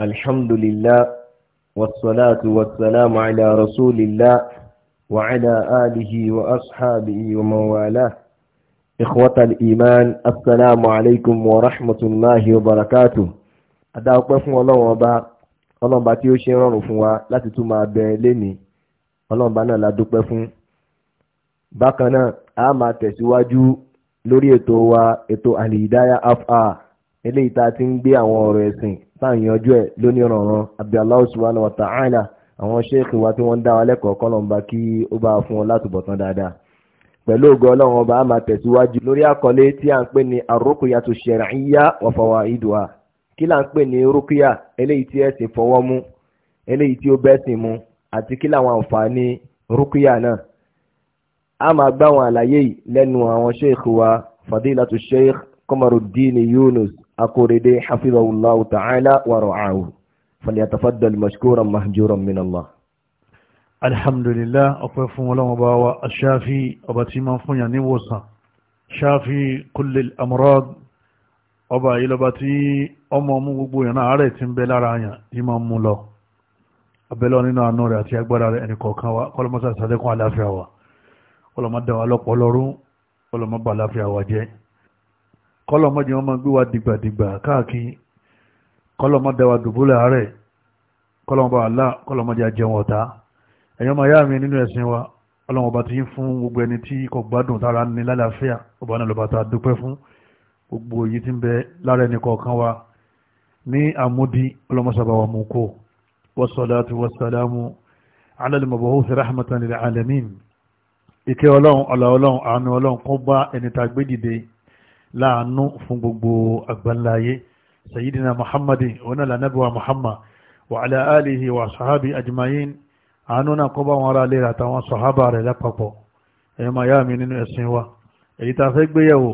الحمد لله والصلاة والسلام على رسول الله وعلى آله وأصحابه ومن والاه إخوة الإيمان السلام عليكم ورحمة الله وبركاته أدعوكم فún Ọlọ́run ọba Ọlọ́run ọba tí ó ṣe rọrùn fún wa láti tún máa bẹ lénìí Ọlọ́run ọba náà la dúpẹ́ fún bákan náà a máa tẹ̀síwájú lórí ètò wa ètò àlìdáyà afa eléyìí tá a ti ń gbé àwọn ọ̀rọ̀ ẹ̀sìn sáàyànjú ẹ̀ lóní ọ̀ràn àbí Allah subhanahu wa ta'ala àwọn ṣéèkì wa tí wọ́n ń dá wa lẹ́kọ̀ọ́ kọ́lọ̀mbà kí ó bá fún wọn látùbọ̀tán dáadáa pẹ̀lú ògo ọlọ́run ọba a máa tẹ̀síwájú lórí àkọlé tí à ń pè ní arúkúyàtò ṣẹ̀ráyà wa fawaiduha kí là ń pè ní rúkúyà eléyìí tí ẹ̀sìn fọwọ́ mú eléyìí tí ó bẹ́sìn mu àti kí làwọn àǹfààní rúkúyà náà a máa gbá àwọn àlàyé yìí lẹ́nu àwọn ṣéèkì wa fadilatu sheikh Qamaruddin Yunus akóredé hafizahullahu ta'ala wa ra'ahu falyatafaddal mashkuran mahjuran min Allah. alhamdulillah ọpẹ́ fún ọlọ́run bá wa aṣáfi ọba tí máa fún yàn níwòsàn ṣáfi kullil amrad ọba ìlọba tí ọmọ mú gbogbo yàn náà àárẹ̀ tí ń bẹ lára yàn tí máa mú lọ abẹ́lọ́ nínú àánú rẹ̀ àti agbára rẹ̀ ẹnìkọ̀ọ̀kan wa kọlọmọ́sà sàdẹ́kùn àláfíà wa kọlọmọ́ lọ́pọ̀ lọ́rún kọlọmọ́ bà wa jẹ́ kọ́lọ̀mọ́jẹ́ wọn máa gbé wa dìgbàdìgbà káàkiri kọ́lọ̀mọ́dá wa dùbúlẹ̀ àárẹ̀ kọ́lọ̀mọ́bà àlá kọ́lọ̀mọ́jẹ́ ajẹun ọ̀tá ẹ̀yọ́ máa yá mi nínú ẹ̀sìn wa ọlọ́wọ́n bá ti ń fún gbogbo ẹni tí kò gbádùn tára ní lálàáfíà ọba náà lọ́ba tá a dúpẹ́ fún gbogbo èyí tí ń bẹ lára ẹni kọ̀ọ̀kan wa ní àmúdi ọlọ́mọsábà wa mú kó wasalaatu wasalaamu alalimabahusi láàánú fún gbogbo àgbáńláyé sayidina muhammadin ona lanabiwa muhammad wa ala alihi wa sahabi ajma'in àánú náà kọ́ bá wọn ará lera àtàwọn sọ̀hábà rẹ̀ lápapọ̀ ẹ̀yẹ ma yá mi nínú ẹ̀sìn wa èyí ta fẹ́ gbéyẹ̀wò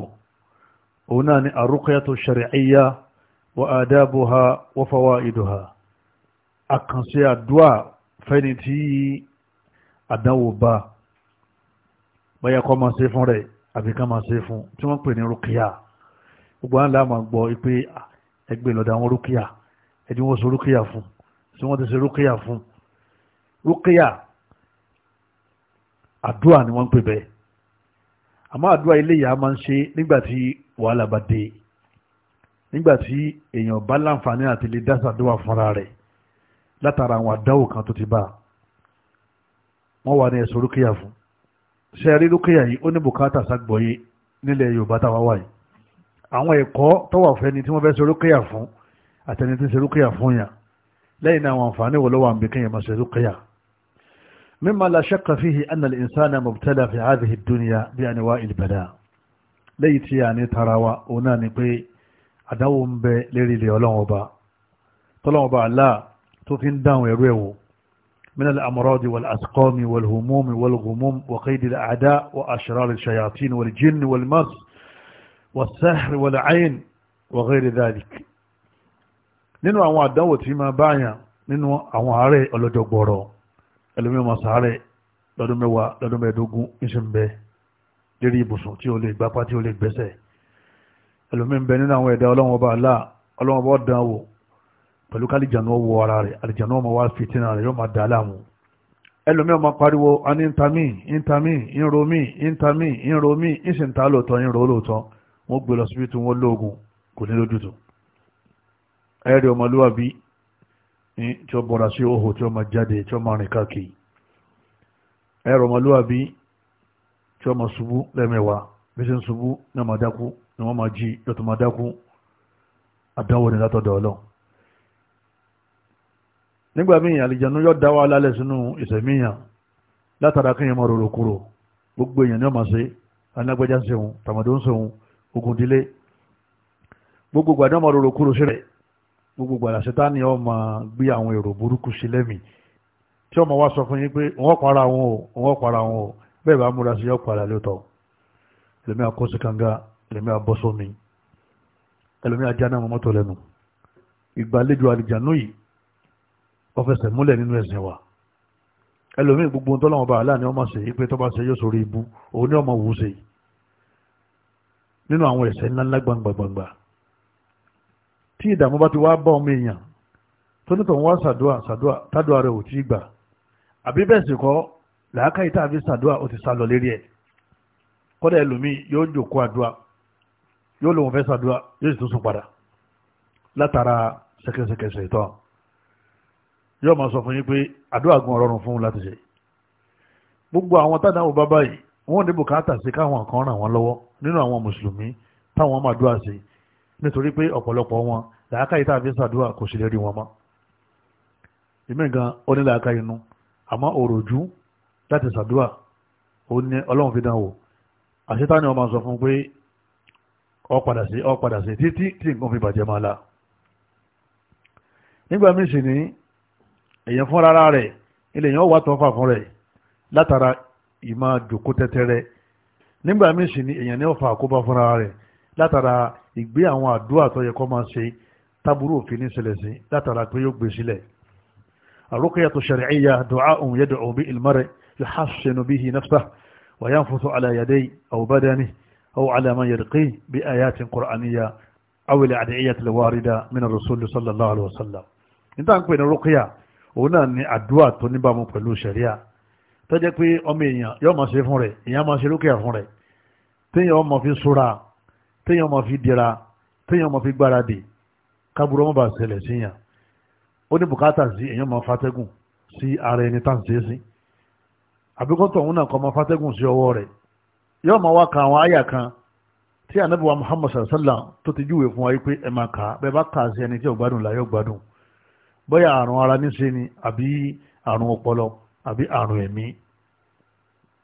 òun náà ni àrúkọ́yàtò ṣàrí'íyá wa àdábòha wa fawaiduha àkànṣe àdúà fẹ́ni tí àdánwò bá báyẹ̀kọ́ ma ṣe fún rẹ̀ àbí ká máa ṣe fún tí wọ́n pè ní rúkìá gbogbo àwọn làá máa gbọ́ pé ẹgbẹ́ lọ́dọ̀ àwọn rúkìá ẹni wọ́n ṣe rúkìá fún tí wọ́n ti ṣe rúkìá fún rúkìá àdúrà ni wọ́n ń pè bẹ́ẹ̀ àmọ́ àdúrà ilé ìyá máa ń ṣe nígbà tí wàhálà bá dé nígbà tí èèyàn bá láǹfààní àti lè dá sàdúrà fúnra rẹ̀ látara àwọn àdáwò kan tó ti bá wọ́n wà ní ẹ̀sùn rúkìá fún ṣe rí lókèyà yìí ó ní bùkátà ságbọ̀yé nílẹ̀ yorùbá táwa wà yìí àwọn ẹ̀kọ́ tó wà fẹ́ni tí wọ́n fẹ́ ṣe lókèyà fún àtẹni tí ń ṣe lókèyà fún yàn lẹ́yìn náà àwọn àǹfààní wò lọ́wọ́ àǹbí kéèyàn máa ṣe lókèyà. mimma la shakka fihi anna al-insana mubtala fi hadhihi ad-dunya bi anwa'il bala lẹ́yìn tí a ní tara من الأمراض والأسقام والهموم والغموم وقيد الأعداء وأشرار الشياطين والجن والمس والسحر والعين وغير ذلك nínú àwọn àdánwò tí máa báyàn nínú àwọn ààrẹ ọlọ́jọ́ gbọ́rọ̀ ẹlòmíràn máa sáré lọ́dún mẹ́wàá lọ́dún mẹ́ẹ̀ẹ́dógún iṣẹ́ ń bẹ lérí ibùsùn tí ó lè gbápá tí ó lè gbẹ́sẹ̀ ẹlòmíràn bẹ nínú àwọn ẹ̀dá ọlọ́wọ́n ọba àlá ọlọ́wọ́n ọba ọ̀dánwò pẹ̀lú ká alìjànú wọ ara rẹ̀ alìjànú ọmọ wa fìtínà rẹ̀ yóò máa dà á láàmú ẹlòmí ọmọ pariwo a ní ntami ntami nromi ntami nromi ìsìntà lóòótọ́ nro lóòótọ́ wọ́n gbé lọ síbi tí wọ́n lóògùn kò ní lójútùú ẹ̀rẹ̀ ọmọlúwàbí tí ó bọ̀rà sí òhò tí ó ma jáde tí ó ma rìn káàkiri ẹ̀rẹ̀ ọmọlúwàbí tí ó ma ṣubú lẹ́mẹ̀wàá bí sí ń ṣubú ní ọmọ ni wọ́n ma jí lọ́tọ̀ nígbà míì àlìjẹ̀nú yóò dá wa lálẹ́ sínú ìsẹ̀míyàn látara kí yẹn máa rorò kúrò gbogbo èèyàn ní ọmọ sí anágbẹ́já ń sehun tàmàdó ń sehun ogun dílé gbogbo gbàdán máa rorò kúrò sí rẹ̀ gbogbo gbàdá sẹ́tánì ó máa gbé àwọn èrò burúkú sí lẹ́mìí tí ọmọ wa sọ fún yín pé wọ́n para wọn o wọ́n para wọn o bẹ́ẹ̀ bá múra sí yọ padà lóòótọ́ ẹlòmí àkóso kanga ẹlòmí àbọ́sọ́mi ẹlòmí àjánà mọ́tò lẹ́nu ìgbàlejò àlìjànú yìí ọfẹsẹ̀ múlẹ̀ nínú ẹ̀sìn wa ẹlòmíì gbogbo tọ́lọ́wọ́n bá aláàní ọmọ ṣe pé tọ́ba ṣe yóò sórí ibú òun ní ọmọ wù ú ṣe nínú àwọn ẹ̀ṣẹ̀ ńláńlá gbangbangbangba tí ìdààmú bá ti wá bá ọmọ èèyàn tó nítorí wá ṣàdúà ṣàdúà tádùà rẹ̀ ò tí gbà àbí bẹ́ẹ̀ sì kọ́ làákàyè tá a fi ṣàdúà ó ti sá lọ lérí ẹ̀ kọ́dà ẹlòmíì yóò jòkó àdúà yóò lóun fẹ́ ṣàdúà yóò sì tún sùn padà látara ṣẹkẹṣẹkẹṣẹ ìtọ́ yóò máa sọ fún yín pé àdúrà gan ọ̀rọ̀rùn fún un láti ṣe gbogbo àwọn tádàwọ̀ bàbá yìí wọ́n ní bùkátà sí káwọn kan ràn wọ́n lọ́wọ́ nínú àwọn mùsùlùmí táwọn máa dúà sí nítorí pé ọ̀pọ̀lọpọ̀ wọn làákàyè tá a fi ṣàdúrà kò sì lè rí wọn mọ́ ìmí gan onílàákà inú àmọ́ òròjú láti ṣàdúrà ó ní ọlọ́run fi dánwò àṣetáni ọmọ sọ fún pé ọ padà sí ọ padà sí títí tí nǹkan fi bàjẹ́ máa la nígbà míì sì ní èèyàn fún rárá rẹ̀ ilẹ̀ yẹn wà tọ́fà fún rẹ̀ látara ìmọ̀ jòkó tẹ́tẹ́rẹ́ nígbà míì sì ni èèyàn ní ọ̀fà àkóbá fún rárá rẹ̀ látara ìgbé àwọn àdúrà tó yẹ kó máa ṣe tábúrú òfin ní ìṣẹ̀lẹ̀ sí látara pé yóò gbé sílẹ̀ الرقية الشرعية دعاء يدعو به المرء يحسن به نفسه وينفث على يديه أو بدنه أو على ما يرقيه بآيات قرآنية أو الأدعية الواردة òun náà ni àdúrà tó níbàmú pẹ̀lú sẹ̀ríà tó jẹ́ pé ọmọ èèyàn yóò máa ṣe fún rẹ̀ èèyàn máa ṣe lókè fún rẹ̀ téèyàn ọmọ fi súra téèyàn ọmọ fi dira téèyàn ọmọ fi gbáradì kábúrò ọmọ bá ṣẹlẹ̀ síyàn ó ní bùkátà sí èèyàn máa fatẹ́gùn sí ara ẹni tá à sí àbíkọ́tọ̀ òun náà kọ́ máa fatẹ́gùn sí ọwọ́ rẹ̀ yóò máa wá ka àwọn àyà kan tí ànábì wa sallallahu alaihi wasallam tó ti júwèé fún wa yìí pé ẹ máa kà á bẹ́ẹ̀ bá kà á sí ẹni tí ò gbádùn láyọ̀ gbádùn bóyá àrùn ara níṣe ni àbí àrùn ọpọlọ àbí àrùn ẹ̀mí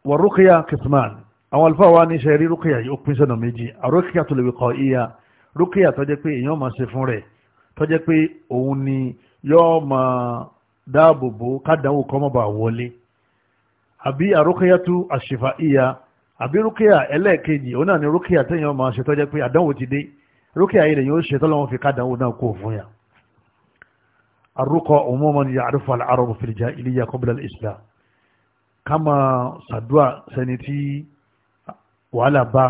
wọ rúkìá kìtìmán àwọn àlùfáà wa ní iṣẹ́ rí rúkìá yìí ó pín sọ́nà méjì àrùkìá tó lè wí kọ ìyá rúkìá tó jẹ́ pé èèyàn máa ṣe fún rẹ̀ tó jẹ́ pé òun ni yóò máa dáàbò bò kádàáwò kọ́ mọ́ba wọlé àbí àrùkìá tó àṣìfà ìyá àbí rúkìá ẹlẹ́ẹ̀kejì òun náà ni rúkìá téèyàn máa ṣe tó jẹ́ pé àdánwò ti dé rúkìá yìí lè yóò ṣe tọ́lọ́wọ́n fi kádàáwò náà kó fún yàn arúkọ umuman ya'rifu al-arabu fil jahiliyya qabla al-islam kama sadua sẹni tí wàhálà bá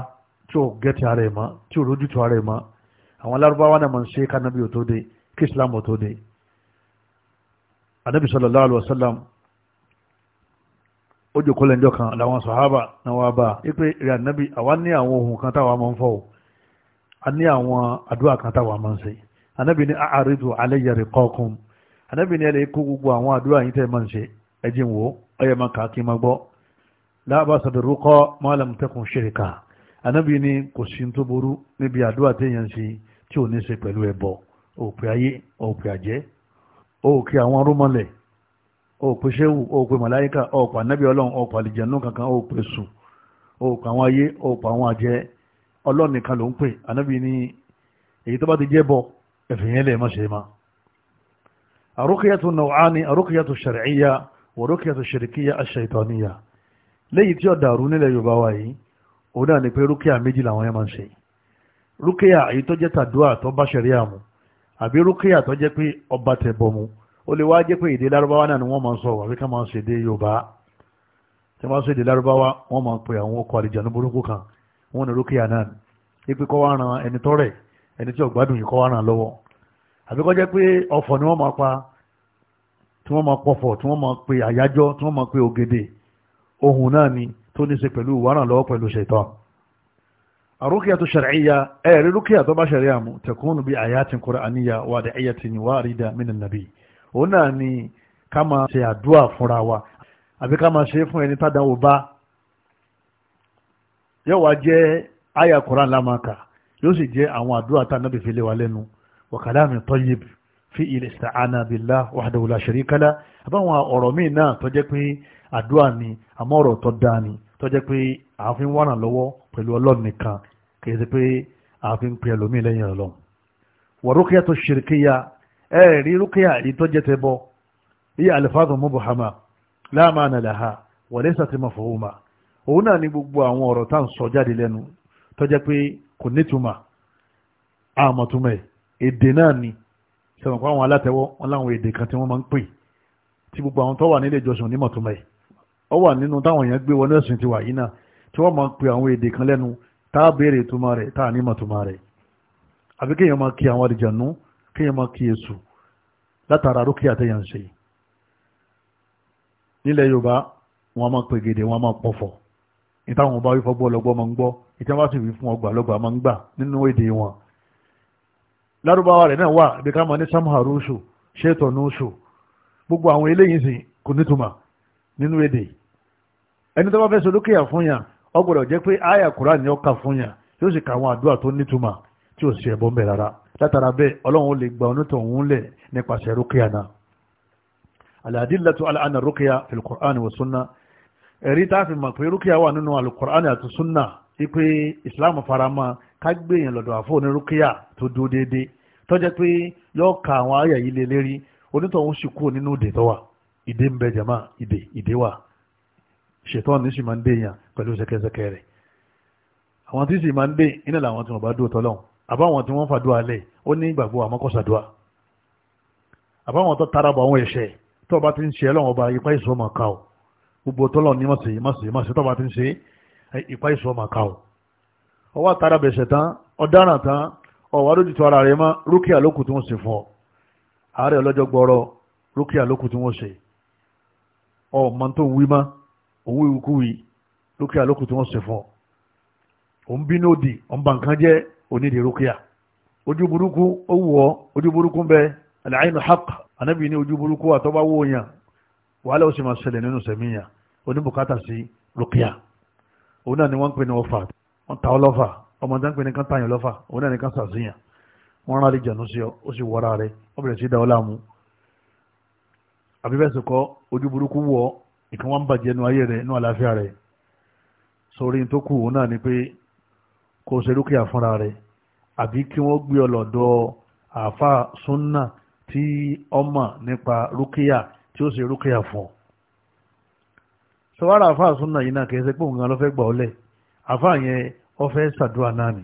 tí ó gẹ́tì ara ẹ̀ mọ́ tí ó lójútu ara ẹ̀ mọ́ àwọn alárúbáwá náà máa ń ṣe kánábì òtó de kí islam òtó de anabi sallallahu alaihi wasallam ó jòkó lẹ́njọ́ kan làwọn sàhábà náà wá bá a pé ìrìn ànábì àwa ní àwọn ohun kan táwa máa ń fọ́ o a ní àwọn àdúrà kan táwa máa ń ṣe anabi ní a'ridu alayya riqakum ànábì ni ẹlẹ́ kó gbogbo àwọn àdúrà yìí tẹ́ máa ń ṣe ẹjìn wo ọyẹ máa kà kí n máa gbọ́ lábàṣàdé rúkọ mọ́lẹ̀mú tẹ́kùn ṣèrìkà ànábì ni kò sí tó burú níbi àdúrà téèyàn ṣe tí ò ní ṣe pẹ̀lú ẹbọ òpè ayé òpè àjẹ́ òkè àwọn arúmọlẹ̀ òpè ṣéwù òpè màláyíkà òpè ànábì ọlọ́run òpè àlìjẹ̀nú kankan òpè sùn òpè àwọn ayé òpè àwọn àjẹ́ ọlọ́run nìkan ló ń pè ànábì ni èyí tó bá ti jẹ́ bọ ẹ̀fìn yẹn lè má ṣe máa àrùkìyàtò nàwáni àrùkìyàtò ṣàríyà wọ̀rùkìyàtò ṣìrìkìyà àṣàìtàníyà léyìí tí ó dàrú nílẹ̀ yorùbá wa yìí òun náà ni pé rúkìyà méjì làwọn yẹn máa ń ṣe rúkìyà èyí tó jẹ́ tàdúà tó bá ṣẹ̀ríà mu àbí rúkìyà tó jẹ́ pé ọba tẹ̀ bọ̀ mu ó lè wá jẹ́ pé èdè lárúbáwá náà ni wọ́n máa ń sọ wàbí ká máa ń ṣe èdè yorùbá tí wọ́n ṣe èdè lárúbáwá wọ́n máa ń pe àwọn ọkọ̀ àlìjànú burúkú kan wọ́n ní rúkìyà náà ni pé kọ́ wá ran ẹni tọ́rẹ̀ ẹni tí ọ̀gbádùn yìí kọ́ wá ràn lọ́wọ́ àbí kọ́ jẹ́ pé ọ̀fọ̀ ni wọ́n máa pa tí wọ́n máa pọ̀fọ̀ tí wọ́n máa pe àyájọ́ tí wọ́n máa pe ògèdè ohun náà ni tó ní ṣe pẹ̀lú ìwárà lọ́wọ́ pẹ̀lú ṣètọ́ àrùkíyà tó ṣàríyà ẹ̀rí rúkíyà tó bá ṣàríyà mú tẹ̀kúnnù bí àyàtì kùránìyà wà dé ẹ̀yàtì ni wà rí mínà nàbí òun náà ni ká máa ṣe àdúrà fúnra wa àbí ká máa ṣe fún ẹni tádàwò bá yóò wá jẹ́ àyà kùrán lámàkà yóò sì jẹ́ àwọn àdúrà tá nàbì fi lé wa lẹ́nu wàkàlá mi tọ́yìbì fi al-ista'ana billah wahdahu la sharika lah àbáwọn ọ̀rọ̀ míì náà tó jẹ́ pé àdúrà ni àmọ́ ọ̀rọ̀ tó dáa ni tó jẹ́ pé àáfin wàràn lọ́wọ́ pẹ̀lú ọlọ́run nìkan kì í ṣe pé àáfin pe ẹlòmíì lẹ́yìn ọlọ́run wa ruqyatu shirkiyya ẹ rí rúkìá èyí tó jẹ́ tẹ́bọ́ iye alifadu mubhama la ma'na laha wa laysat mafhuma òun náà sẹ̀wọ̀n pa àwọn alátẹ̀wọ́ wọn láwọn èdè kan tí wọ́n máa ń pè tí gbogbo àwọn tó wà nílé ìjọsìn onímọ̀ tó mẹ́ ọ wà nínú táwọn èèyàn gbé wọnú ẹ̀sìn ti wà yìí náà tí wọ́n máa ń pè àwọn èdè kan lẹ́nu tá a béèrè ìtumọ̀ rẹ̀ tá a nímọ̀ ìtumọ̀ rẹ̀ àbí kéèyàn máa kí àwọn àdìjànú kéèyàn máa kí èṣù látara rókè àtẹ̀yàn ṣe nílẹ̀ Yorùbá wọn máa pè gèdè lárúbáwá rẹ̀ náà wà bí ká máa ní samharusu ṣètọ̀nùsù gbogbo àwọn eléyìí sì kò nítumọ̀ nínú èdè ẹni tó bá fẹ́ so lókè fún yàn ó gbọ́dọ̀ jẹ́ pé àyà fún yàn tí ó sì ka àwọn àdúrà tó nítumọ̀ tí ò sí ẹ̀bọ ń bẹ̀ rárá látara bẹ́ẹ̀ ọlọ́run lè gba onítọ̀hún lẹ̀ nípasẹ̀ rúkìá náà aladillatu ala wa sunna a ká gbé èèyàn lọ́dọ̀ àfọ onírúkíyà tó dúró déédéé tó jẹ́ pé yóò ka àwọn àyà yìí lé lérí onítọ̀hún sì kúrò nínú ìdè tó wà ìdè ń bẹ jàmá ìdè ìdè wà ṣètọ́ ní sì máa ń dé èèyàn pẹ̀lú ṣẹkẹṣẹkẹ rẹ̀ àwọn tí sì máa ń dé iná làwọn tí wọn bá dúró tọ́lọ́hún àbáwọn tí wọ́n fàdúrà lẹ̀ ó ní ìgbàgbọ́ àmọ́kọ́sàdúrà àbáwọn tó tara bọ̀ àwọn ẹ̀ṣẹ̀ tó bá ti ń ṣe ọlọ́run ọba ipa ìṣọ́ máa o gbogbo tọ́lọ́ ní mọ̀sí mọ̀sí mọ̀sí tó bá ti ń ṣe ipa ìṣọ́ máa o ọwọ́ àtàrà bẹ̀sẹ̀ tán ọ̀daràn tán ọ̀wà lójútó ara rẹ̀ mọ́ rúkìá lókù tí wọ́n ṣe fún ọ ààrẹ ọlọ́jọ́ gbọ́rọ̀ rúkìá lókù tí wọ́n ṣe ọmọ tó wí mọ́ òun ìwúkúwì rúkìá lókù tí wọ́n ṣe fún ọ òun bínú òdì nǹkan jẹ́ onídìí rúkìá ojú burúkú ó wù ọ ojú burúkú bẹ aláìní haq anábì ní ojú ni wọ́n ta ọ́ lọ́fà ọmọ tó ń pè nìkan tààyàn lọ́fà òun náà nìkan sàṣìyàn wọ́n rán lè jànú sí ọ ó sì wọ́ra rẹ ó bẹ̀rẹ̀ sí da ọ láàmú àbí bẹ́ẹ̀ sì kọ́ ojú burúkú wọ̀ ìkan wá ń bàjẹ́ nu ayé rẹ nu àlàáfíà rẹ sórí tó kù òun náà ni pé kó ṣe dúkìá fúnra rẹ àbí kí wọ́n gbé ọ àáfà súnà tí ọmọ nípa rúkìá tí ó ṣe rúkìá fún ọ sọ wàrà àáfà súnà yìí náà kì í ṣe pé òun gan ló fẹ́ gbà ọ lẹ́ẹ̀ àfáà yẹn ọfẹ́ sàdúrà náà ni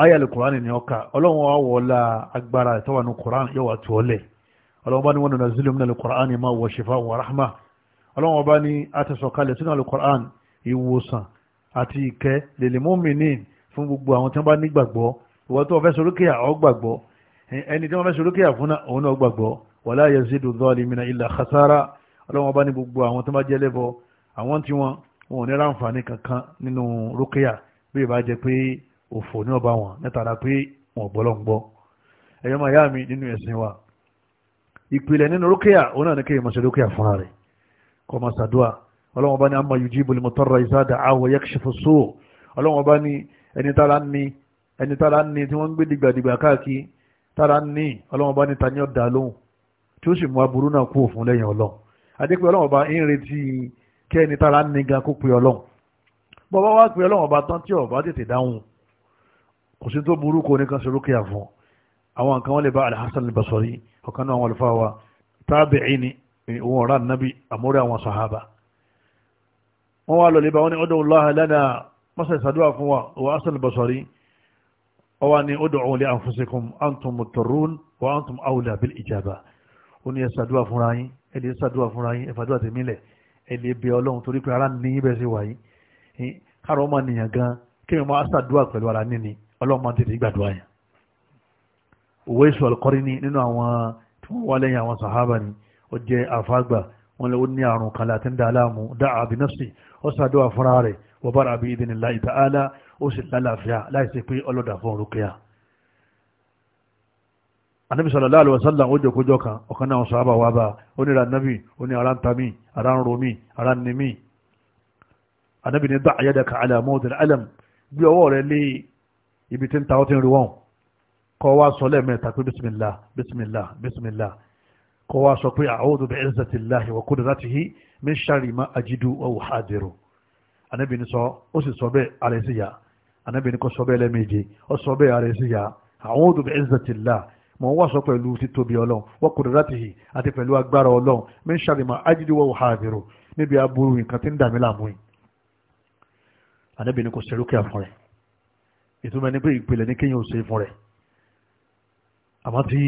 ayàlẹ̀ kùránì ni ọkà ọlọ́run wa wọlá agbára ìtọ́wànú kùránì yóò wà tù ọ́ lẹ̀ ọlọ́run bá ní wọn nana zilim náà kùránì máa wọ ṣèfà wà ráhmà ọlọ́run bá ní àtẹ̀sọ̀kalẹ̀ sínú alukùránì ìwòsàn àti ìkẹ́ lèlè mọ́mìnì fún gbogbo àwọn tí wọ́n bá nígbàgbọ́ ìwọ tó fẹ́ sorókèyà ó gbàgbọ́ ẹni tí wọ́n fẹ́ sorókèyà fún òun náà gbàgbọ́ wala yazidu dhalimina illa khasara ọlọ́run bá ní gbogbo àwọn tó bá jẹ́ lẹ́bọ àwọn tí wọ́n wọn ò ní ráǹfààní kankan nínú rókèyà bí ìbá jẹ pé òfò ní ọba wọn nítara pé wọn gbọ́ lọ́n gbọ́ ẹ̀yọ́ máa yá mi nínú ẹ̀sìn wa ìpìlẹ̀ nínú rókèyà òun náà ní kéèyàn máa ṣe fúnra rẹ̀ kọ́ máa ṣàdúà ọlọ́wọ́n bá ní àmà yujibu al-mutarra iza da'ahu wa yakshifu as-su' ọlọ́wọ́n bá ní ẹni tára ní ẹni tára ní tí wọ́n ń gbé dìgbàdìgbà káàkiri tára ní ọlọ́wọ́n kí ẹni tára ní gan kó pe ọlọ́run bọ́bá wá pe ọlọ́run ọba tán tí ọba tètè dáhùn kò sí tó burú kó nìkan ṣe rúkìá fún àwọn nǹkan wọn lè bá alhassan al-basri ọ̀kan náà wọn lè fa wa tábìí ni òun ọ̀rá nàbí àmórí àwọn sàhábà wọ́n wá lọ́lẹ́bà wọ́n ní ọdún Allah lana mọ́sẹ̀ ìsàdúwà fún wa wa asal basari ọwá ní ọdún òun lè anfusikum antum mutarun wa antum awla ijaba ó ní ẹ̀sàdúwà fúnra yín ẹ̀dẹ̀ ẹ̀sàdúwà fúnra yín ẹ̀fàdúwà tèmílẹ̀ ẹ̀lẹ́ bẹ ọlọ́run torí pé ara ní ibẹ̀ sí wáyé káàrọ̀ ọmọ nìyàn gan kí ni wọ́n á ṣàdúrà pẹ̀lú ara níní ọlọ́run máa tètè gbàdúrà yẹn òwe ìṣù ọ̀lùkọ́rí ni nínú àwọn tí wọ́n wá lẹ́yìn àwọn sàhábà ni ó jẹ́ àfágbà wọn lè ó ní àrùn kan láti ń dá aláàmú dá àbí nọ́ọ̀sì ó ṣàdúrà fúnra rẹ̀ wọ́n bára àbí ìdínilá ìtàhálà ó sì lálàáfíà láìsí pé ọlọ́dà fún orúkẹ́yà anabi sallallahu alaihi wasallam ó jòkójọ́ kan ọ̀kan náà sọ́ábà wà bá onírà nabi oní ara ń tamí ara ń romi ara ń nimi anabi ní dáa yadaka ala mawdil alam bí ọwọ́ rẹ lé ibi tí ń ta ọtí ń rí wọn kọ́ wá sọ lẹ́ẹ̀mẹ́ta pé bismillah bismillah bismillah kọ́ wá sọ pé a'udhu bi izzatillahi wa qudratihi min sharri ma ajidu wa uhadiru anabi ní sọ ó sì sọ bẹ́ẹ̀ àrẹ sí ya anabi ní kọ́ sọ bẹ́ẹ̀ lẹ́ẹ̀mejì ó sọ bẹ́ẹ̀ àrẹ sí ya a'udhu bi izzatillah mọ̀ ń wàṣọ pẹ̀lú títóbi ọlọ́run wa qudratihi àti pẹ̀lú agbára ọlọ́run min sharri ma ajidu wa uhadhiru níbi aburú nǹkan tí ń dàmí láàmú yìí ànábì ni kò ṣe rúkìá fún rẹ̀ ìtumọ̀ ní pé ìpìlẹ̀ ní kéèyàn ò ṣe fún rẹ̀ àmọ́ tí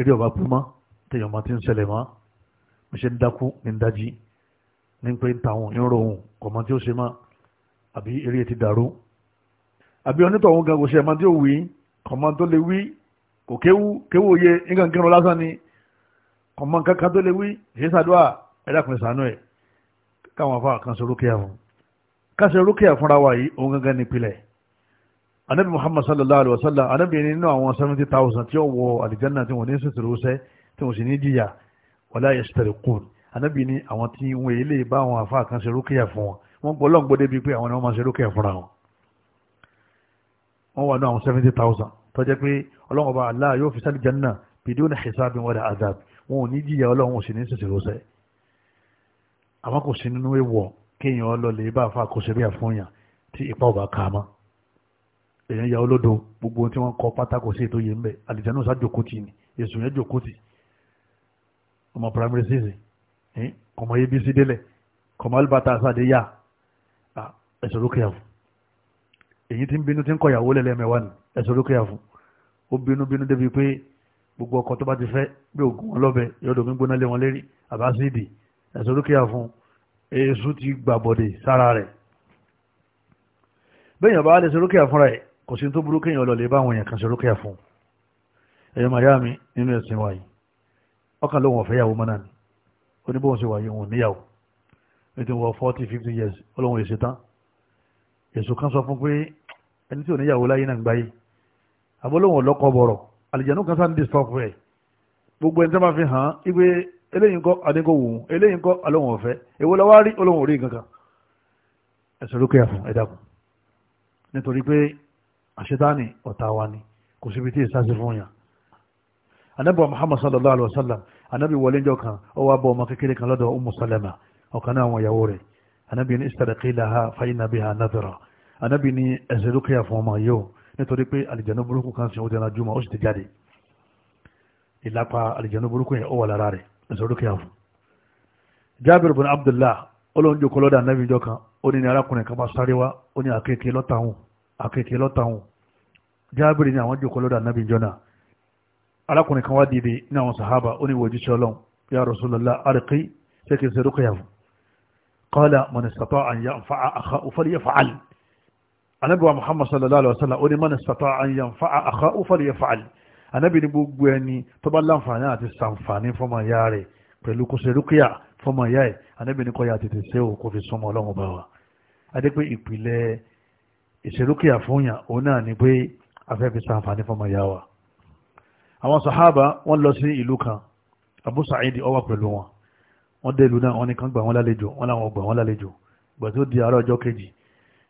eré ọba kú mọ́ téèyàn máa ti ń ṣẹlẹ̀ mọ́ mo ṣe ń dákú ní ń dájí ní pé ń tàwọn ń rò òun kò tí ó ṣe kò kéwú kéwú òye nǹkan kírun lásán ni ọmọ nǹkan kan tó lè wí èyí sàdúà ẹ̀dàkùnrin sànú ẹ̀ káwọn afá kan ṣe rúkìá fún káṣe rúkìá wa yìí òun gangan nípìnlẹ̀ anabi muhammad sallallahu alaihi wasallam anabi ni nínú àwọn seventy thousand tí ó wọ alijanna tí wọn ní sísèrè ọsẹ tí wọn sì ní jìyà wala yastariqun anabi ni àwọn tí wọn èyí lè bá àwọn afá kan ṣe rúkìá fún wọn wọn gbọ́ lọ́ngbọ́dé seventy thousand tó jẹ́ pé ọlọ́run ọba Allah yóò fi sálì jẹ́nà bìdí ó ní hisabin wala azab wọn ò ní jìyà ọlọ́run òsì ní sèṣe rọ́ṣẹ́ àwọn kò sí nínú èèwọ̀ kéèyàn ọlọ́lẹ̀ bá fa àkóṣeré àfúnyàn tí ipa ọba kà á mọ́ èèyàn ya olódo gbogbo tí wọ́n kọ pátákó sí ètò yìí ń bẹ̀ sá jòkó tì èsùn yẹn jòkó ọmọ primary six eh, kọmọ abc délẹ̀ kọmọ alibata asade yá ẹ̀sọ́ lókè àfún èyí tí ń bínú tí ń kọ ìyàwó lẹ́lẹ́mẹ̀wá ni ẹ̀sọ́ ló kéyà fún ó bínú bínú débi pé gbogbo ọkọ tó bá ti fẹ́ bí ògùn wọn lọ́bẹ̀ yọ̀dọ̀ mi gbóná lé wọn lérí àbáṣídì ẹ̀sọ́ ló kéyà fún èso ti gbàbọ̀dè sára rẹ̀ bẹ́ẹ̀ yàrá lè sorókèyà fúnra ẹ̀ kò sí tó burú kéèyàn lọ́lẹ̀ bá àwọn èèyàn kan sorókèyà fún ẹ̀yọ́ màyá mi nínú ẹ̀sìn wáyé ọkàn lóhun ọ̀fẹ́ yàwó mọ́nà ni oníbòhùn sí wáyé òun níyàwó ètò wọ 40 50 years ọlọ́hun èsì tán èso kan sọ fún pé ẹni tí ò níyàwó láyé náà ń gbáyé àbólóhùn ọlọ́kọ̀ bọ̀rọ̀ àlìjẹ̀nù kan sáà ń disturb rẹ̀ gbogbo ẹni tí wọ́n fi hàn án wípé eléyìí ńkọ́ adéko wù ú eléyìí ńkọ́ alóhùn ọ̀fẹ́ èwo la wá rí olóhùn orí nǹkan kan ẹ̀sùn ló kéyà fún ẹ̀dá kù nítorí pé àṣetáni ọ̀tá wa ni kò síbi tí ìsáṣe fún yàn anabi wa muhammad sallallahu alaihi wa sallam anabi wọlé njọ kan ó wá ọmọ kékeré kan lọ́dọ̀ umu salama ọ̀kan náà àwọn ìyàwó rẹ̀ anabi ní istadqi laha fa inna biha nadra anábì ní ẹ̀sẹ̀ lókèyà fún ọmọ yìí o nítorí pé àlìjẹ̀nú burúkú kan sí ọdún ajúmọ̀ ó sì ti jáde ìlápa àlìjẹ̀nú burúkú yẹn ó wà lára rẹ̀ ẹ̀sẹ̀ lókèyà fún. Jábìrì bin Abdullah olóńjó kọlọ́dà anábì ìjọ kan ó ní ní arákùnrin kan bá sáré wá ó ní àkekèé lọ́tàhùn àkekèé lọ́tàhùn Jábìrì ní àwọn jókòó lọ́dà anábì ìjọ náà arákùnrin kan wá dìde ní àwọn sàhábà ó ní wòjíṣẹ́ ọlọ́run ànábì wa muhammad sallallahu alaihi wa sallam ó ní man istata'a an yanfa'a akhahu falyaf'al ànábì ní gbogbo ẹni tó bá láǹfààní àti sàǹfààní fọmọ ìyá rẹ̀ pẹ̀lú kó ṣe rúkìá fọmọ ìyá ẹ̀ ànábì ní kó ya tètè ṣe ò kó fi súnmọ́ ọlọ́run bá wa adé pé ìpìlẹ̀ ìṣerúkìá fún yàn òun náà ni pé afẹ́ fi sàǹfààní fọmọ ìyá wa àwọn sahaba wọ́n lọ sí ìlú kan Abu Sa'id ó wà pẹ̀lú wọn dé ìlú náà wọ́n ní kan gbà wọ́n lálejò wọ́n láwọn gbà wọ́n lálejò gbà di àárọ̀ ọjọ́ kejì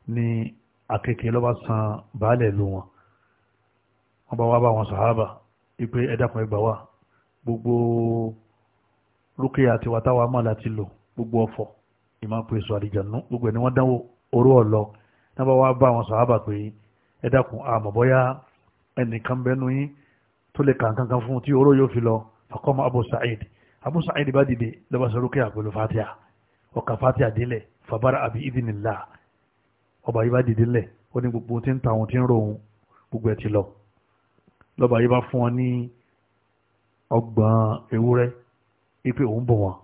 ni àkèké lọ́ba san baálẹ̀ lu wọn wọ́n bá wá bá wọn sàhábà wípé ẹ̀dàkùn ẹgbà wà gbogbo rúkìá àti wàtáwà mọ́ láti lò gbogbo ọ̀fọ̀ ìmọ̀ pé sọ àdìjànú gbogbo ẹ̀ ni wọ́n dánwò oró ọ̀lọ́ náà bá wá bá wọn sàhábà pé ẹ̀dàkùn àmọ̀ bóyá ẹnìkan bẹ́nu yín tó lè kàn kankan fún tí oró yóò fi lọ fàkọ́mọ Abu Sa'id Abu Sa'id bá dìde lọ́ba sọ rúkìá pẹ̀lú fatiha ọkà fatiha délẹ̀ fàbára àbí idinillah ọba yìí bá dìde ńlẹ̀ ó ní gbogbo tí ń ta òun tí ń ro òun gbogbo ẹ̀ ti lọ lọ́ba yìí bá fún wọn ní ọgbọ̀n ewúrẹ́ ipe òun bọ̀ wọn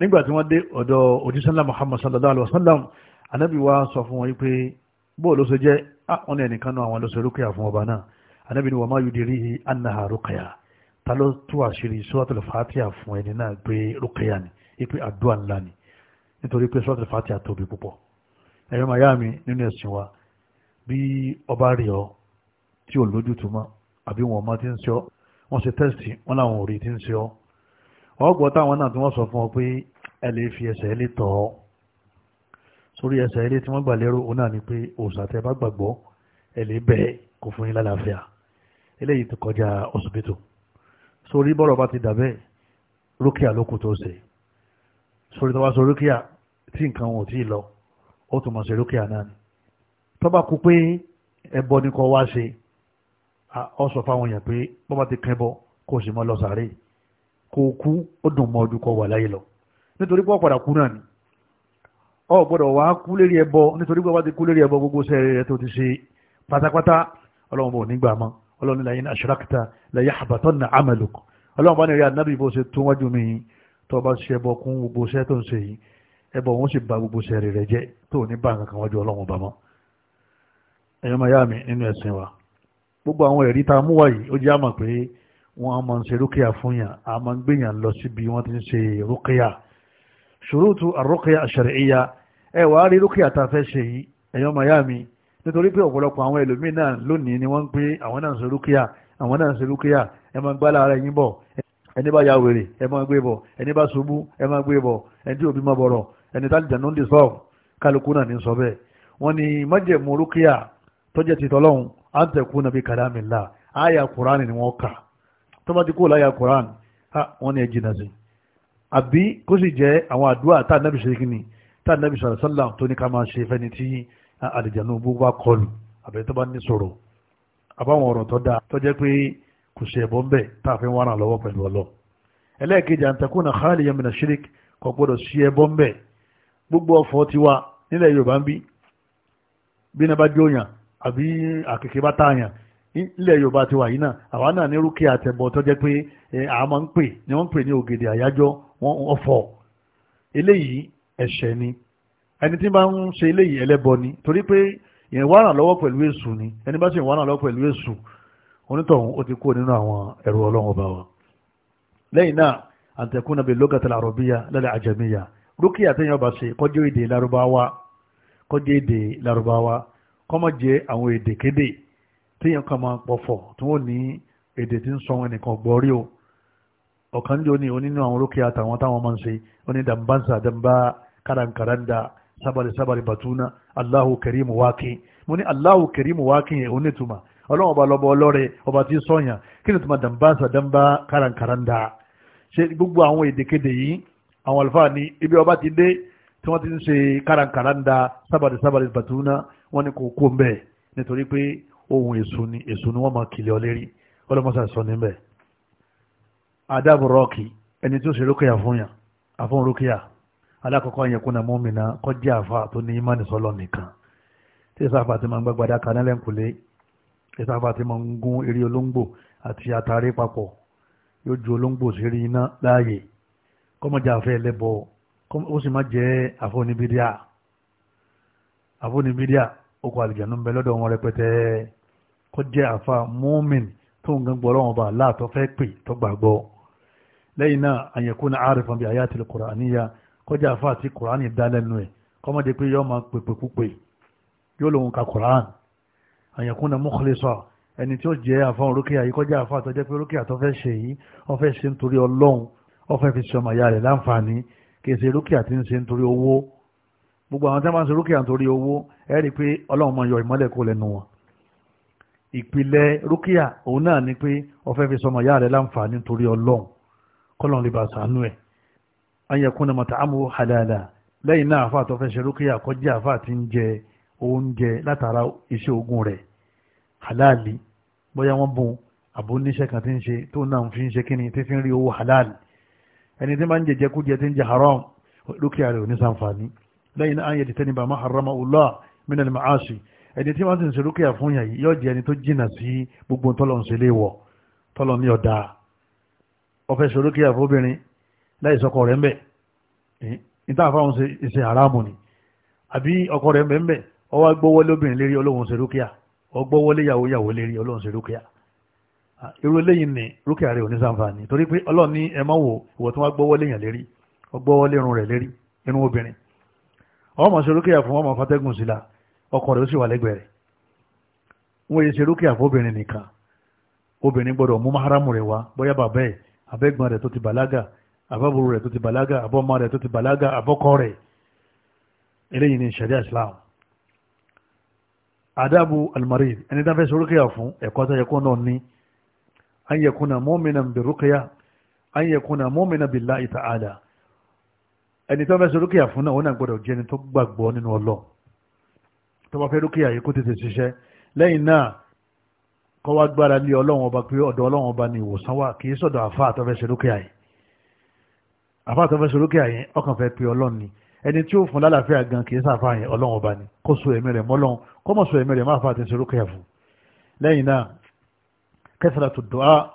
nígbà tí wọ́n dé ọ̀dọ̀ òjísánlá Muhammad sallallahu alaihi wasallam anábì wa sọ fún wọn wípé bóò ló ṣe jẹ́ àwọn ah, ẹnìkan náà àwọn ló ṣe rúkìá fún ọba náà anábì ni wa ma yudirihi annaha rúkìá ta ló tú àṣírí suratul fatiha fún ẹni náà pé rúkìá ni ipe àdúrà ńlá ni nítorí pé suratul fatiha tóbi púpọ̀ ẹ̀yọ́ màyá mi nínú ẹ̀sìn wa bí ọba rẹ̀ ọ tí ò lójú tó mọ́ àbí wọn ọmọ ti ń ṣe ọ wọ́n ṣe tẹ́sítì wọn làwọn ò rí ti ń ṣe ọ ọgbọ́n táwọn náà tí wọ́n sọ fún ọ pé ẹ lè fi ẹsẹ̀ ilé tọ̀ ọ́ sórí ẹsẹ̀ ilé tí wọ́n gbà lérò òun náà ni pé òòsà tẹ bá gbàgbọ́ ẹ lè bẹ́ẹ̀ kó fún yín lálàáfíà eléyìí ti kọjá ọ̀sibítù sórí bọ́rọ̀ bá ti dà bẹ́ẹ̀ rókìá ló kù tó ṣe sórí tó wá sọ rókìá tí nǹkan wọn ò tí ì lọ ó tún mọ̀ sí rúkìá náà ni tọ́ba kú pé ẹbọ ni kò wá ṣe ọ sọ fáwọn èèyàn pé bọ́ba ti kẹ́bọ kó o sì mọ́ lọ sàárè kó o kú ó dùn mọ́ ojú kọ wà láyé lọ nítorí pé ọ̀padà kú náà ni ọ gbọ́dọ̀ wá kú lérí ẹbọ nítorí pé ọba ti kú lérí ẹbọ gbogbo sẹ́ẹ̀rẹ́ rẹ tó ti ṣe pátápátá ọlọ́run bò nígbà mọ́ ọlọ́run ní láyé aṣọ́rákítà láyé àbátọ́nà amaluk ọlọ́run bá ní rí anábì bó ṣe tún wájú mi tó bá ṣe ẹbọ kún gbogbo sẹ́ẹ̀ tó ń ṣe yìí ẹbọ wọn sì ba gbogbo sẹ́rì rẹ̀ jẹ́ tó ní bá nǹkan wájú ọlọ́run ọba mọ́ ẹ̀yọ́ máa yá mi nínú ẹ̀sìn wa gbogbo àwọn ẹ̀rí tá a mú wáyé ó jẹ́ àmọ̀ pé wọ́n máa ń ṣe rúkìá fún yàn a máa ń gbéyàn lọ síbi wọ́n ti ń ṣe rúkìá ṣòrótù àrúkìá àṣàríyà ẹ wàá rí rúkìá tá a fẹ́ ṣe yìí ẹ̀yọ́ máa yá mi nítorí pé ọ̀pọ̀lọpọ̀ àwọn ẹlòmíín náà lónìí ni wọ́n ń pé àwọn náà ń ṣe rúkìá àwọn náà ń ṣe rúkìá ẹ máa gbá lára yín bọ̀ ẹni bá ya wèrè ẹ máa gbé bọ̀ ẹni bá ṣubú ẹ máa gbé bọ̀ ẹni tí òbí máa bọ̀rọ̀ ẹni tá àlìjànú lè sọ kálukú náà ní sọ bẹ́ẹ̀ wọ́n ní májẹ̀mú rúkìá tọ́jẹ́ ti tọ́lọ́hún á ń nàbí kàdámìlá àyà kùránì ni wọ́n kà tó bá ti kó láyà kùránì wọ́n ní ẹ jìnnà sí àbí kó sì jẹ́ àwọn àdúrà tá ànábì ṣe kí ni tá ànábì sọ̀rọ̀ sọ́là tó ní ká máa ṣe fẹ́ni tí àlìjànú bó bá kọlù àbẹ̀ tó bá ní sọ̀rọ̀ àbáwọn ọ̀rọ̀ tó dáa tó pé kò ṣe ẹ̀bọ́n bẹ́ẹ̀ tá a fi ń wá ràn lọ́wọ́ pẹ̀lú ọlọ́ ẹlẹ́ẹ̀kejì àǹtakùnà khaliyan mina shirik kò gbọ́dọ̀ ṣe ẹ̀bọ́n bẹ́ẹ̀ gbogbo ọ̀fọ̀ ti wà nílẹ̀ yorùbá ń bí bí iná bá jóyàn àbí àkèké bá tààyàn nílẹ̀ yorùbá ti wà yìí náà àwa náà ní rúkè àtẹ̀bọ̀ tó jẹ́ pé àmọ́ ń pè ni wọ́n ń pè ní ògèdè àyájọ́ wọn ọ̀fọ̀ eléyìí ẹ̀ṣẹ̀ ni ẹni tí bá ń ṣe eléyìí ẹlẹ́bọ ni torí pé ìyẹn wà ràn lọ́wọ́ pẹ̀lú èṣù ni ẹni bá sì wà ràn lọ́wọ́ pẹ̀lú èṣù onítọ̀hún ó ti kúrò nínú àwọn ẹ̀rù ọlọ́run ọba wa lẹ́yìn náà àǹtẹ̀kùn nàbẹ̀ lókàtàlà àrọ̀bíyà lálẹ́ àjẹmíyà dúkìá tẹ́yìn ọba ṣe kọjọ́ èdè Lárúbáwá kọjọ́ èdè Lárúbáwá kọ́mọ̀ jẹ́ àwọn èdè kéde tẹ́yìn kan máa pọ̀fọ̀ tí wọ́n ní èdè tí ń sọ wọn nìkan gbọ́ rí o ọ̀kan jọ ní onínú àwọn dúkìá tàwọn táwọn máa ń ṣe oní dàmbánsà dàmbá kàràǹkàràǹdà sábàlì sábàlì bàtúnà Allahu Karimu wákì mo ní Allahu Karimu wákì yẹn onítùmọ̀ ọlọ́run ọba lọ́bọ ọlọ́rẹ̀ ọba tí sọ̀yàn kí ni tuma dàmbánsà dàmbá kàràǹkàràǹdà ṣe gbogbo àwọn èdèkéde yìí àwọn àlùfáà ní ibi ọba ti dé tí wọ́n ti ń ṣe kárakára ń da sábàdì sábàdì bàtúnà wọ́n ní kò kó ń bẹ̀ nítorí pé ohun èso ni èso ni wọ́n máa kìlẹ̀ ọlẹ́rí ọlọ́mọṣà sọ níbẹ̀ adáàbò rọ́ọ̀kì ẹni tí ó ṣe rókèyà fún yàn àfún rókèyà alákọ̀ọ́kọ́ yẹn kúnnà mọ́mìnà kọjá àfa tó ní imáni sọ́lọ́ nìkan tí ìsáfà ti máa ń gbàgbàdá kanẹ́lẹ́kùnlé ìsáfà ti máa ń gún eré olóńgbò àti àtàrí papọ̀ yóò ju olóńgbò sí rí iná láàyè kọ́mọjà àfẹ́ ẹlẹ́bọ ó sì má jẹ́ àfọ́nibídíà àfọ́nibídíà okò àlìjànú ń bẹ lọ́dọ̀ wọn rẹpẹtẹ kọ́ jẹ́ àfa mọ́mìn tó ń gbọ́ lọ́wọ́n bá láàtọ́ fẹ́ pè tó gbàgbọ́ lẹ́yìn náà àyẹ̀kú ní àárẹ̀fọ́n bíi àyà àtìlẹ̀ kùránìyà kọ́ jẹ́ àfa àti kùránì dá lẹ́nu ẹ̀ kọ́mọdé pé yọ́ máa pèpè púpè yóò lòun ka kùrán àyẹ̀kú ní mọ́kànlẹ́sọ̀ ẹni tí ó jẹ́ àfa òrókè àyíkọ́jẹ́ àfa àtọ́jẹ́ pé òrókè àtọ́fẹ́ ṣe yìí wọ́n fẹ́ ṣe nítorí ọlọ́run ọfẹ́ fi ṣe ọmọ ìyá rẹ̀ láǹfààní kì í ṣe rúkìá tí ń ṣe nítorí owó gbogbo àwọn tí wọ́n máa ń ṣe rúkìá nítorí owó ẹ rí i pé ọlọ́run máa yọ ìmọ́lẹ̀ kó lẹ́nu wọn ìpìlẹ̀ rúkìá òun náà ni pé ọfẹ́ fi ṣe ọmọ ìyá rẹ̀ láǹfààní nítorí ọlọ́run kọ́lọ́run lè bá ṣàánú ẹ̀ ayẹkùn mọ̀tà àmú halala lẹ́yìn náà àfa àtọ́fẹ́ ṣe rúkìá kọjá àfa àti ń jẹ oúnjẹ látara iṣẹ́ ogun rẹ̀ halali bóyá wọ́n bùn àbóníṣẹ́ kan ti ń ṣe tó náà fi ń ṣe kíni tí fi ń rí owó halali ẹni tí máa ń jẹjẹ kú jẹ tí ń jẹ haram dúkìá rẹ̀ ò ní sànfàní lẹ́yìn náà yẹ tẹ́ni bá máa harama Allah min al-ma'asi ẹni tí wọ́n sì ń ṣe dúkìá fún yàn yóò jẹ ẹni tó jìnà sí gbogbo tọ́lọ̀ ń ṣe léèwọ̀ tọ́lọ̀ ní ọ̀dà ọ̀fẹ́ ṣe dúkìá fóbìnrin láì sọkọ rẹ̀ ń bẹ̀ níta àfáwọn ṣe haramu ni àbí ọkọ rẹ̀ ń bẹ̀ ń bẹ̀ ọwọ́ gbówó lóbìnrin lérí olóhùn ṣe dúkìá ọgbówó irú eléyìí ni rúkìá rẹ̀ ò ní sàǹfààní torí pé ọlọ́run ní ẹ má wò ìwọ̀ tí wọ́n gbọ́wọ́ léyìn lérí ọgbọ́wọ́ lérun rẹ̀ lérí inú obìnrin ọmọ ṣe rúkìá fún ọmọ fatẹ́gùn sílá ọkọ rẹ̀ ó sì wà lẹ́gbẹ̀ẹ́ rẹ̀ wọ́n yẹ ṣe rúkìá fún obìnrin nìkan obìnrin gbọ́dọ̀ mú maharamu rẹ̀ wá bóyá bàbá ẹ̀ abẹ́gbọ́n rẹ̀ tó ti bàlágà àbábòrò rẹ̀ tó ti bàlágà àbọ́mọ adabu almarid ẹni tá fẹ́ ṣe rúkìá fún ẹ̀kọ́ tó yẹ kó náà ní an yakuna mu'minan bi ruqya an yakuna mu'minan billahi ta'ala ẹni tó fẹ́ ṣe rúkìá fún náà ó náà gbọ́dọ̀ jẹ́ ẹni tó gbàgbọ́ nínú Ọlọ́run tó bá fẹ́ rúkìá yìí kó tètè ṣiṣẹ́ lẹ́yìn náà kọ́ wá gbára lé Ọlọ́run ọba pé ọ̀dọ̀ Ọlọ́run ọba ni ìwòsàn wà kì í sọ̀dọ̀ àfa àtọ́fẹ́ ṣe rúkìá yìí àfa àtọ́fẹ́ ẹni tí ó fún lálàáfíà gan kì í sàfà yẹn Ọlọ́run ọba ni kó so ẹ̀mí rẹ̀ mọ́lọ́run kó mọ̀ so ẹ̀mí rẹ̀ má fà àti ṣe fún lẹ́yìn náà kẹsàrà tó dùá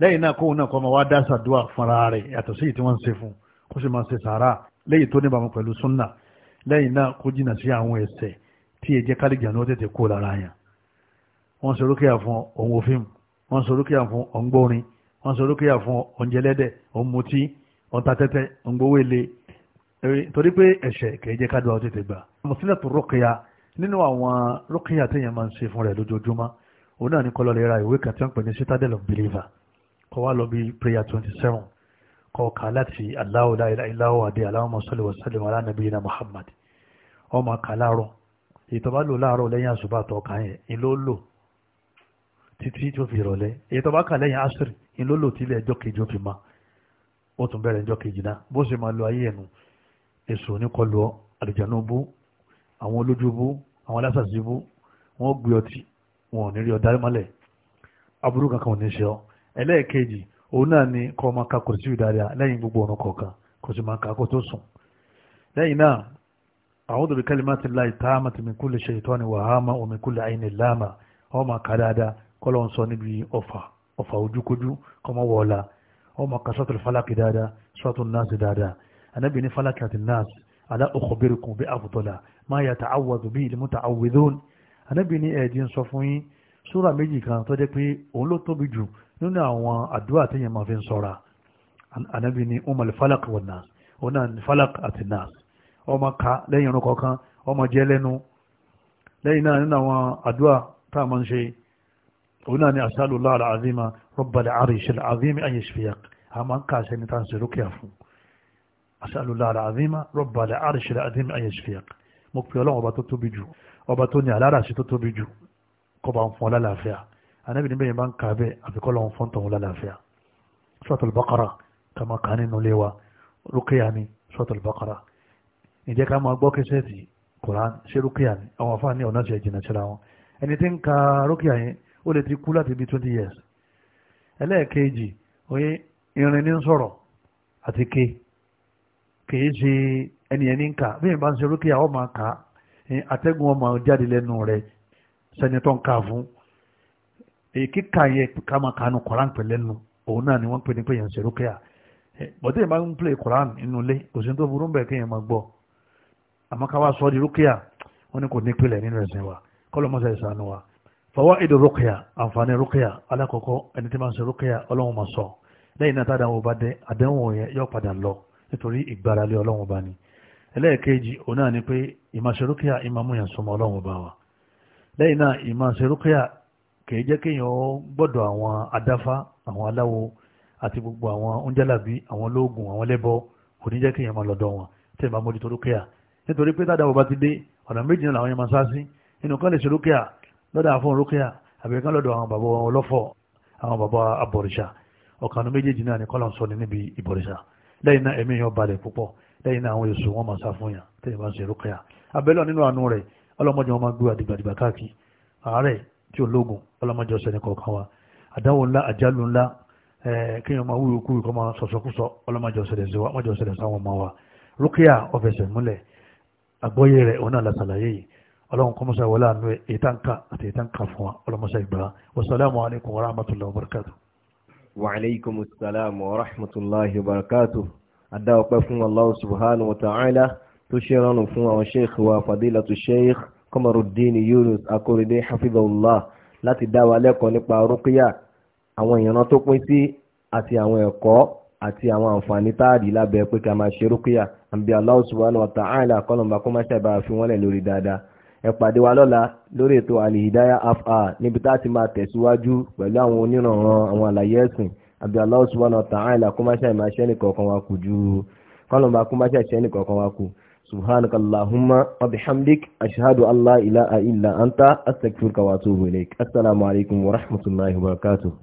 lẹ́yìn náà kóhun náà kọ́ ọmọ wa dá sàdúà fúnra rẹ̀ yàtọ̀ sí èyí tí wọ́n ń ṣe fún kó sì máa ṣe sàárà lẹ́yìn tó níbàmú pẹ̀lú súnà lẹ́yìn náà kó jìnnà sí àwọn ẹ̀ṣẹ̀ tí èyí jẹ́ kálíjà ní wọ́n tètè kó lára yàn wọ́n sọ orókè àfún òun òfin wọ́n sọ orókè àfún ọ̀ngbọ́rin wọ́n sọ orókè àfún ọ̀njẹ́lẹ́dẹ̀ ọ̀mùtí ọ̀tàtẹ́tẹ́ ọ̀ngbówó òun náà ní kọ́ lọ lè ra ìwé kan tí wọ́n pè ní citadel of believer kọ́ wá lọ bí prayer twenty seven kọ́ ká láti Allahu la ilaha illa huwa àdé Allahumma salli wa sallim ala nabiyyina Muhammad ọmọ ká láàárọ̀ ètò bá lò láàárọ̀ lẹ́yìn àṣùbà tó kàn yẹn ń ló lò títí tó fi rọ̀lẹ́ ètò bá kà lẹ́yìn àṣírí ń ló lò tílẹ̀ ẹjọ́ kejì ó fi máa ó tún bẹ̀rẹ̀ ìjọ kejì náà bó ṣe máa lo ayé ẹ̀nu èso oníkọlù àlùjáná bú àwọn olójú bú àwọn alásàsí bú wọ́n gbé ọtí wọn ò ní rí ọ dárí mọ́lẹ̀ aburú kankan ò ní ṣe ọ ẹlẹ́ẹ̀kejì òun náà ni kọ́ ọmọ ká kò sí ìdáríà lẹ́yìn gbogbo ọ̀run kọ̀ọ̀kan kò sì máa ká kó tó sùn lẹ́yìn náà a'udhu bi kalimati llahi tammati min kulli shaytani wa hama wa min kulli ayni lama ọmọ ká dáadáa kọ́lọ́ ń sọ níbi ọ̀fà ọ̀fà ojúkojú kọ́mọ wọ̀ọ́la ọmọ ká suratul falaki dáadáa suratul nasi dáadáa anabi ní falaki àti nasi ala ukhbirukum bi afdala ma yata'awwadhu bihi al-muta'awwidhun anábì ní ẹ̀ẹ́dì ń sọ fún yín súrà méjì kan tó jẹ́ pé òun ló tóbi jù nínú àwọn àdúrà téèyàn máa fi ń sọ́ra anábì ní umal falak wa nas òun náà falak àti nas ọmọ ká lẹ́yìn irun kọ̀ọ̀kan ọmọ jẹ́ lẹ́nu lẹ́yìn náà nínú àwọn àdúrà tá a máa ń ṣe òun náà ni asálùlá àlàzíma rabbal arshil azim an yashfiyak a máa ń ká àṣẹ ní tá à ń ṣe lókè àfún asálùlá àlàzíma rabbal arshil azim an mo pè ọlọ́run ọba tó tóbi jù ọba tó ní aláràṣí tó tóbi jù kọ́ bá ń fún ọ lálàáfíà anábì níbẹ̀ yẹn bá ń kà bẹ́ẹ̀ àfikọ́ lọ́n fún tọ̀hún lálàáfíà suratul baqara ká máa kà nínú ilé wa rúkìá ni suratul baqara ǹjẹ́ ká máa gbọ́ kẹsẹ́ẹ̀tì koran ṣé rúkìá ni àwọn afáà ní ọ̀nà ṣe jìnnà síra wọn ẹni tí ń ka rúkìá yẹn ó lè ti kú láti bí twenty years ẹlẹ́ẹ̀kejì oye irin ní sọ̀rọ̀ àti ke kì í ṣe ẹni ẹni ń kà bí ìbá ń ṣe rúkìá ọ máa kà á atẹ́gùn ọmọ jáde lẹ́nu rẹ̀ sẹ́ni tó ń kà fún kíkà yẹ ká máa koran pẹ̀ lẹ́nu òun náà ni wọ́n pè ní pé yẹn ń ṣe rúkẹ́yà bọ́tí yẹn máa ń play koran nínú ilé kò sí tó burú bẹ́ẹ̀ kí yẹn máa gbọ́ àmọ́ ká wá sọ di rúkẹ́yà wọ́n ní kò ní ìpìlẹ̀ nínú ẹ̀sìn wa kọ́lọ́mọ́sẹ̀ ìsànú wa fawaidu rúkẹ́yà àǹfààní rúkẹ́yà alákọ̀ọ́kọ́ ẹni tí máa ń ṣe rúkẹ́yà ọlọ́run ẹlẹ́ẹ̀kejì òun náà ni pé ìmọ̀ṣerúkíà ìmọ̀múyàn súnmọ́ ọlọ́run ọba wa lẹ́yìn náà ìmọ̀ṣerúkíà kìí jẹ́ kéèyàn gbọ́dọ̀ àwọn adáfá àwọn aláwo àti gbogbo àwọn oúnjẹ́làbí àwọn olóògùn àwọn lẹ́bọ kò ní jẹ́ kéèyàn máa lọ́dọ̀ wọn tẹ́ ìmọ̀ mójútó rúkíà nítorí pé tádàbọ̀ bá ti dé ọ̀nà méjì náà làwọn yẹn máa sá sí inú kan lè ṣe rúkíà lọ́dọ̀ àfọ̀n rúkíà àbí kan lọ́dọ̀ àwọn bàbá ọlọ́fọ̀ àwọn bàbá abọ̀rìṣà ọ̀kanú méjèèjì náà ni kọ́lọ̀ ń sọ ní níbi ìbọ̀rìṣà lẹ́yìn náà ẹ̀mí yẹn balẹ̀ púpọ̀ lẹ́yìn náà àwọn èso wọn máa sá fún yàn tẹ́yìn bá ń ṣe rúkẹ́yà abẹ́lọ́ nínú àánú rẹ̀ ọlọ́mọdé wọn máa gbé àdìgbàdìgbà káàkiri àárẹ̀ tí ò ọlọ́mọdé ọ̀sẹ̀ ní kọ̀ọ̀kan wa àdáwò ńlá àjálù ńlá kéèyàn máa wúwo kúrò kọ́ máa sọ̀sọ̀kúsọ ọlọ́mọdé ọ̀sẹ̀lẹ̀ wa alaykum salaam wa rahmatulahi wa barakatu adá ọpẹ́ fún Allahu subhanahu wa ta'ala tó ṣe rọrùn fún àwọn sheikh wa fadilatu sheikh Qamaruddin Yunus Akorede hafizahullah láti dá wa lẹ́kọ̀ọ́ nípa rúkìá àwọn ìran tó pín sí àti àwọn ẹ̀kọ́ àti àwọn àǹfààní táàdì lábẹ́ pé ká máa ṣe rúkìá àbí Allahu subhanahu wa ta'ala kọ́lọ̀mbà kó má ṣàbà fi wọ́n lẹ̀ lórí dáadáa ẹ pàdé wa lọ́la lórí ètò al afa níbi tá a ti máa tẹ̀síwájú pẹ̀lú àwọn onírànran àwọn àlàyé ẹ̀sìn àbí Allah subhanahu wa ta'ala kó má ṣàì máa ṣẹ́ nìkọ̀ọ̀kan wa kù ju kọ́lọ̀mbà kó má ṣàì ṣẹ́ nìkọ̀ọ̀kan wa kù subhanaka allahumma wa bihamdik ashhadu an la ilaha illa anta astaghfiruka wa atubu ilaik assalamu alaikum wa rahmatullahi wa barakatuh